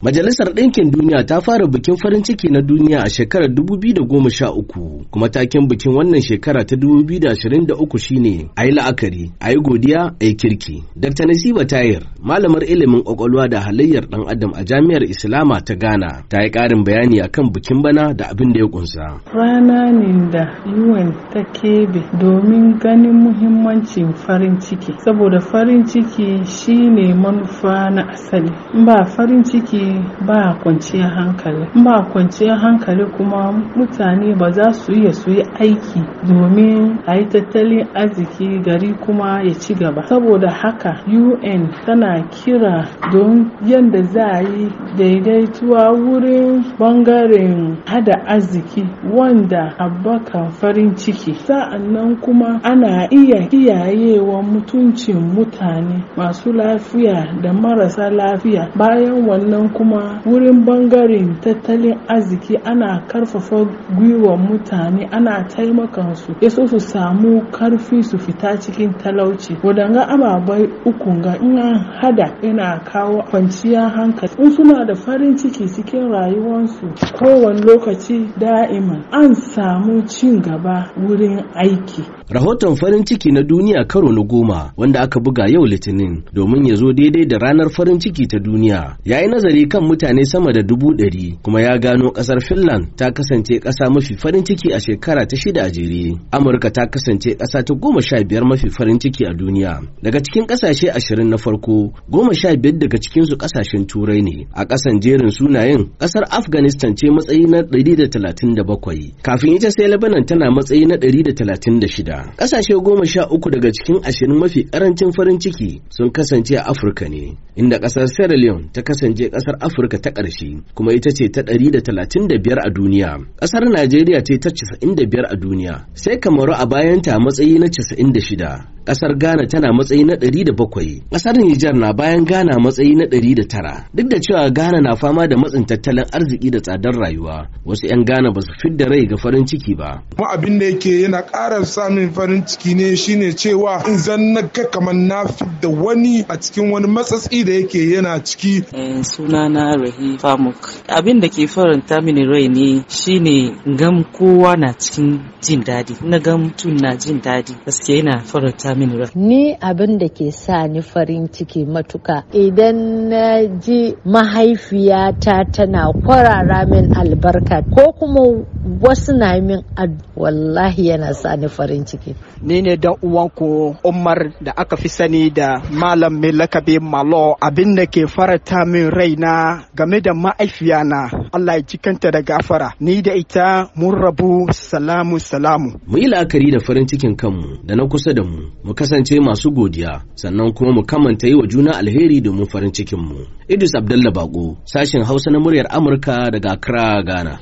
Majalisar Ɗinkin Duniya ta fara bikin farin ciki na duniya a shekarar 2013 kuma taken bikin wannan shekara ta 2023 shine a yi la'akari, a yi godiya, a yi kirki. Dr. Nasiba Tayir, malamar ilimin ƙwaƙwalwa da halayyar ɗan adam a jami'ar Islama ta Ghana, ta yi ƙarin bayani akan bikin bana da abin da ya kunsa. Rana ne da UN ta kebe domin ganin muhimmancin farin ciki, saboda farin ciki shine manufa na asali. Ba farin ciki ba kwanciyar hankali ba kwanciyar hankali kuma mutane ba za su iya su yi aiki domin a yi tattalin arziki gari kuma ya ci gaba saboda haka un tana kira don yadda za a yi daidaituwa wurin bangaren hada arziki wanda abbaka farin ciki sa'annan kuma ana iya kiyayewa mutuncin mutane masu lafiya da marasa lafiya bayan wannan kuma wurin bangaren tattalin arziki ana karfafa gwiwa mutane ana taimakan su ya so su samu karfi su fita cikin talauci wadanga ababai uku ga ina hada yana kawo kwanciyar hankali in suna da farin ciki cikin rayuwarsu kowane lokaci da'ima an samu cin gaba wurin aiki rahoton farin ciki na duniya karo na goma wanda aka buga yau litinin domin ya zo daidai da ranar farin ciki ta duniya Ya yi nazari kan mutane sama da dubu ɗari kuma ya gano ƙasar Finland ta kasance ƙasa mafi farin ciki a shekara ta shida a jere. Amurka ta kasance ƙasa ta goma sha biyar mafi farin ciki a duniya. Daga cikin ƙasashe ashirin na farko goma sha biyar daga cikinsu ƙasashen Turai ne. A ƙasan jerin sunayen ƙasar Afghanistan ce matsayi na ɗari da talatin da bakwai. Kafin ita sai Lebanon tana matsayi na ɗari da talatin da shida. Ƙasashe goma sha uku daga cikin ashirin mafi ƙarancin farin ciki sun kasance a Afirka ne. inda ƙasar Sierra Leone ta kasance ƙasar Afirka ta ƙarshe kuma ita ce ta 135 a duniya. Ƙasar Najeriya ce ta 95 a duniya, sai Kamaru a bayanta a matsayi na 96. kasar Ghana tana matsayi na 107. Kasar Nijar na bayan Ghana matsayi na 109. Duk da cewa Ghana na fama da matsin tattalin arziki da tsadar rayuwa, wasu 'yan Ghana ba su da rai ga farin ciki ba. Kuma abin da yake yana ƙara samun farin ciki ne shine cewa in zan na ga kamar na da wani a cikin wani matsatsi da yake yana ciki. Eh, sunana Rahi Famuk. Abin da ke faranta mini rai ne shine gam kowa na cikin jin daɗi. Na gam tun na jin daɗi. Gaskiya yana faranta mini ni abin da ke sa ni farin ciki matuka idan na ji mahaifiyata tana kwarara min albarka ko kuma wasu na min wallahi yana sa ni farin ciki ni ne dan uwanku umar da aka fi sani da malam mai lakabi malo abin da ke farata min raina game da ma'aifiya na allah ya cikanta da gafara ni da ita mun rabu salamu salamu mu yi la'akari da farin cikin kanmu da na kusa da mu mu kasance masu godiya sannan kuma mu kamanta yi wa juna alheri domin farin cikin mu idris abdallah bako sashen hausa na muryar amurka daga accra ghana